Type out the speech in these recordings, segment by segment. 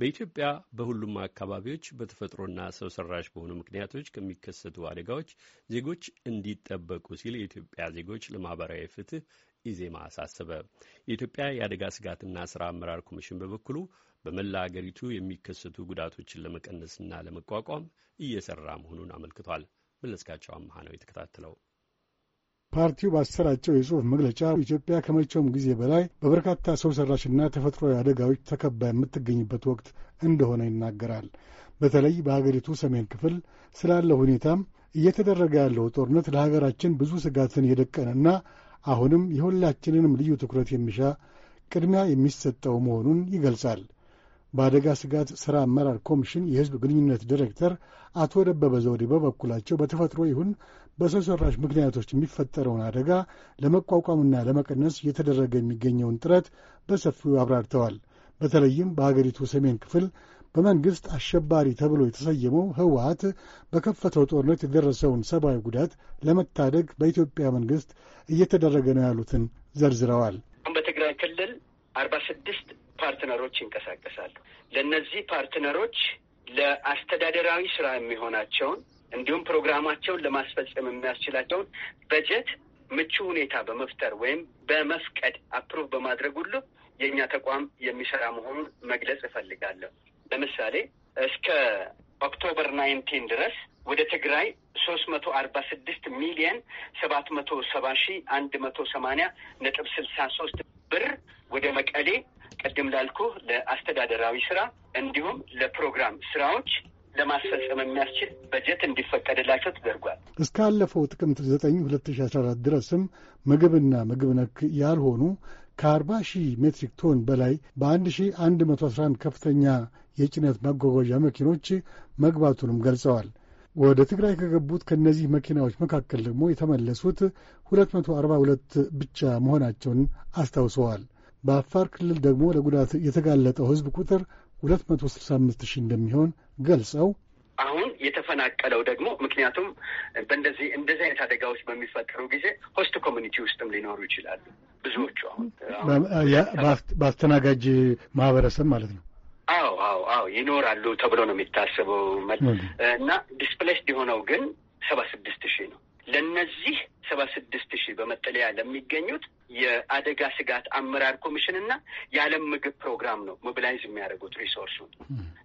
በኢትዮጵያ በሁሉም አካባቢዎች በተፈጥሮና ሰው ሰራሽ በሆኑ ምክንያቶች ከሚከሰቱ አደጋዎች ዜጎች እንዲጠበቁ ሲል የኢትዮጵያ ዜጎች ለማህበራዊ ፍትህ ኢዜማ አሳሰበ። የኢትዮጵያ የአደጋ ስጋትና ስራ አመራር ኮሚሽን በበኩሉ በመላ አገሪቱ የሚከሰቱ ጉዳቶችን ለመቀነስና ለመቋቋም እየሰራ መሆኑን አመልክቷል። መለስካቸው አመሃ ነው የተከታተለው። ፓርቲው ባሰራጨው የጽሑፍ መግለጫ ኢትዮጵያ ከመቼውም ጊዜ በላይ በበርካታ ሰው ሠራሽና ተፈጥሯዊ አደጋዎች ተከባ የምትገኝበት ወቅት እንደሆነ ይናገራል። በተለይ በሀገሪቱ ሰሜን ክፍል ስላለው ሁኔታም እየተደረገ ያለው ጦርነት ለሀገራችን ብዙ ስጋትን የደቀነና አሁንም የሁላችንንም ልዩ ትኩረት የሚሻ ቅድሚያ የሚሰጠው መሆኑን ይገልጻል። በአደጋ ስጋት ሥራ አመራር ኮሚሽን የሕዝብ ግንኙነት ዲሬክተር አቶ ደበበ ዘውዴ በበኩላቸው በተፈጥሮ ይሁን በሰው ሠራሽ ምክንያቶች የሚፈጠረውን አደጋ ለመቋቋምና ለመቀነስ እየተደረገ የሚገኘውን ጥረት በሰፊው አብራርተዋል። በተለይም በአገሪቱ ሰሜን ክፍል በመንግሥት አሸባሪ ተብሎ የተሰየመው ህወሀት በከፈተው ጦርነት የደረሰውን ሰብአዊ ጉዳት ለመታደግ በኢትዮጵያ መንግሥት እየተደረገ ነው ያሉትን ዘርዝረዋል። በትግራይ ክልል አርባ ስድስት ፓርትነሮች ይንቀሳቀሳሉ። ለእነዚህ ፓርትነሮች ለአስተዳደራዊ ስራ የሚሆናቸውን እንዲሁም ፕሮግራማቸውን ለማስፈጸም የሚያስችላቸውን በጀት ምቹ ሁኔታ በመፍጠር ወይም በመፍቀድ አፕሩቭ በማድረግ ሁሉ የእኛ ተቋም የሚሰራ መሆኑን መግለጽ እፈልጋለሁ። ለምሳሌ እስከ ኦክቶበር ናይንቲን ድረስ ወደ ትግራይ ሶስት መቶ አርባ ስድስት ሚሊየን ሰባት መቶ ሰባ ሺ አንድ መቶ ሰማኒያ ነጥብ ስልሳ ሶስት ብር ወደ መቀሌ ቅድም ላልኩ ለአስተዳደራዊ ስራ እንዲሁም ለፕሮግራም ስራዎች ለማስፈጸም የሚያስችል በጀት እንዲፈቀድላቸው ተደርጓል። እስካለፈው ጥቅምት ዘጠኝ ሁለት ሺ አስራ አራት ድረስም ምግብና ምግብ ነክ ያልሆኑ ከአርባ ሺህ ሜትሪክ ቶን በላይ በአንድ ሺህ አንድ መቶ አስራ አንድ ከፍተኛ የጭነት ማጓጓዣ መኪኖች መግባቱንም ገልጸዋል። ወደ ትግራይ ከገቡት ከእነዚህ መኪናዎች መካከል ደግሞ የተመለሱት ሁለት መቶ አርባ ሁለት ብቻ መሆናቸውን አስታውሰዋል። በአፋር ክልል ደግሞ ለጉዳት የተጋለጠው ህዝብ ቁጥር 265 ሺህ እንደሚሆን ገልጸው አሁን የተፈናቀለው ደግሞ ምክንያቱም በእንደዚህ እንደዚህ አይነት አደጋዎች በሚፈጠሩ ጊዜ ሆስት ኮሚኒቲ ውስጥም ሊኖሩ ይችላሉ ብዙዎቹ። አሁን በአስተናጋጅ ማህበረሰብ ማለት ነው። አዎ አዎ አዎ ይኖራሉ ተብሎ ነው የሚታሰበው እና ዲስፕሌስድ የሆነው ግን ሰባ ስድስት ሺህ ነው። ለነዚህ ሰባ ስድስት ሺህ በመጠለያ ለሚገኙት የአደጋ ስጋት አመራር ኮሚሽን እና የዓለም ምግብ ፕሮግራም ነው ሞቢላይዝ የሚያደርጉት ሪሶርሱን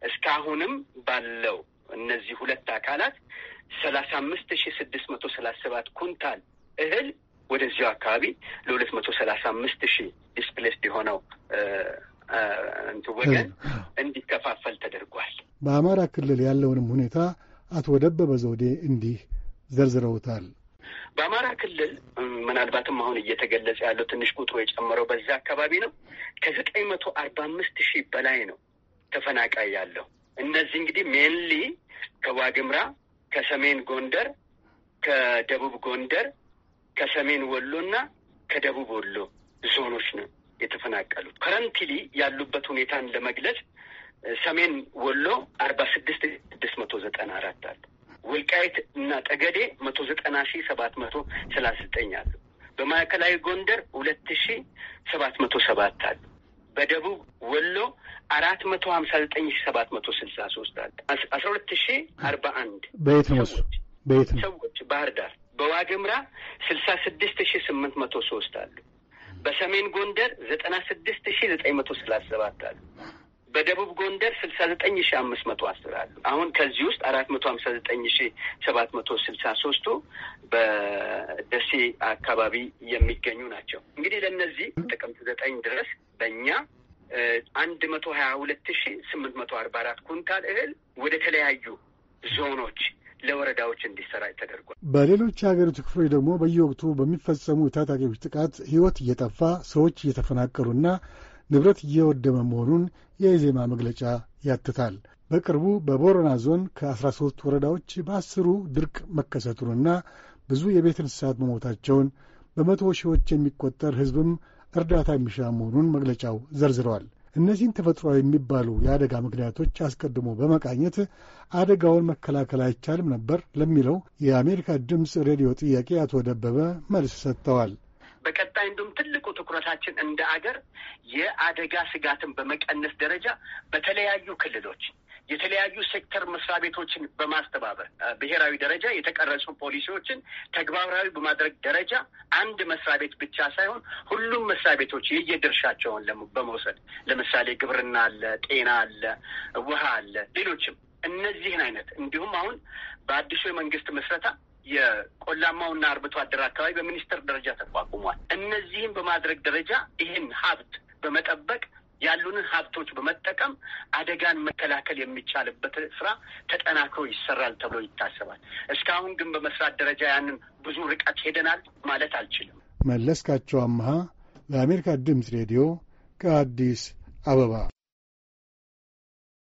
እስካሁንም ባለው እነዚህ ሁለት አካላት ሰላሳ አምስት ሺህ ስድስት መቶ ሰላሳ ሰባት ኩንታል እህል ወደዚሁ አካባቢ ለሁለት መቶ ሰላሳ አምስት ሺህ ዲስፕሌስድ የሆነው እንት ወገን እንዲከፋፈል ተደርጓል። በአማራ ክልል ያለውንም ሁኔታ አቶ ደበበ ዘውዴ እንዲህ ዘርዝረውታል። በአማራ ክልል ምናልባትም አሁን እየተገለጸ ያለው ትንሽ ቁጥሩ የጨመረው በዛ አካባቢ ነው። ከዘጠኝ መቶ አርባ አምስት ሺህ በላይ ነው ተፈናቃይ ያለው። እነዚህ እንግዲህ ሜንሊ ከዋግምራ፣ ከሰሜን ጎንደር፣ ከደቡብ ጎንደር፣ ከሰሜን ወሎ እና ከደቡብ ወሎ ዞኖች ነው የተፈናቀሉት። ከረንትሊ ያሉበት ሁኔታን ለመግለጽ ሰሜን ወሎ አርባ ስድስት ስድስት መቶ ዘጠና አራት አለ ወልቃይት እና ጠገዴ መቶ ዘጠና ሺ ሰባት መቶ ሰላሳ ዘጠኝ አሉ። በማዕከላዊ ጎንደር ሁለት ሺ ሰባት መቶ ሰባት አሉ። በደቡብ ወሎ አራት መቶ ሀምሳ ዘጠኝ ሺ ሰባት መቶ ስልሳ ሶስት አለ። አስራ ሁለት ሺ አርባ አንድ በየት ነው እሱ? በየት ነው ሰዎች? ባህር ዳር በዋግምራ ስልሳ ስድስት ሺ ስምንት መቶ ሶስት አሉ። በሰሜን ጎንደር ዘጠና ስድስት ሺ ዘጠኝ መቶ ሰላሳ ሰባት አሉ። በደቡብ ጎንደር ስልሳ ዘጠኝ ሺ አምስት መቶ አስር አሉ። አሁን ከዚህ ውስጥ አራት መቶ ሀምሳ ዘጠኝ ሺ ሰባት መቶ ስልሳ ሶስቱ በደሴ አካባቢ የሚገኙ ናቸው። እንግዲህ ለእነዚህ ጥቅምት ዘጠኝ ድረስ በእኛ አንድ መቶ ሀያ ሁለት ሺ ስምንት መቶ አርባ አራት ኩንታል እህል ወደ ተለያዩ ዞኖች ለወረዳዎች እንዲሰራጭ ተደርጓል። በሌሎች የሀገሪቱ ክፍሎች ደግሞ በየወቅቱ በሚፈጸሙ የታጣቂዎች ጥቃት ህይወት እየጠፋ ሰዎች እየተፈናቀሉና ንብረት እየወደመ መሆኑን የኢዜማ መግለጫ ያትታል። በቅርቡ በቦረና ዞን ከ13 ወረዳዎች በአስሩ ድርቅ መከሰቱንና ብዙ የቤት እንስሳት መሞታቸውን በመቶ ሺዎች የሚቆጠር ሕዝብም እርዳታ የሚሻ መሆኑን መግለጫው ዘርዝረዋል። እነዚህን ተፈጥሯዊ የሚባሉ የአደጋ ምክንያቶች አስቀድሞ በመቃኘት አደጋውን መከላከል አይቻልም ነበር ለሚለው የአሜሪካ ድምፅ ሬዲዮ ጥያቄ አቶ ደበበ መልስ ሰጥተዋል። በቀጣይ እንዲሁም ትልቁ ትኩረታችን እንደ አገር የአደጋ ስጋትን በመቀነስ ደረጃ በተለያዩ ክልሎች የተለያዩ ሴክተር መስሪያ ቤቶችን በማስተባበር ብሔራዊ ደረጃ የተቀረጹ ፖሊሲዎችን ተግባራዊ በማድረግ ደረጃ አንድ መስሪያ ቤት ብቻ ሳይሆን ሁሉም መስሪያ ቤቶች የየድርሻቸውን በመውሰድ ለምሳሌ ግብርና አለ፣ ጤና አለ፣ ውሃ አለ፣ ሌሎችም እነዚህን አይነት እንዲሁም አሁን በአዲሱ የመንግስት ምስረታ የቆላማውና አርብቶ አደር አካባቢ በሚኒስቴር ደረጃ ተቋቁሟል። እነዚህም በማድረግ ደረጃ ይህን ሀብት በመጠበቅ ያሉንን ሀብቶች በመጠቀም አደጋን መከላከል የሚቻልበት ስራ ተጠናክሮ ይሰራል ተብሎ ይታሰባል። እስካሁን ግን በመስራት ደረጃ ያንን ብዙ ርቀት ሄደናል ማለት አልችልም። መለስካቸው አምሃ ለአሜሪካ ድምፅ ሬዲዮ ከአዲስ አበባ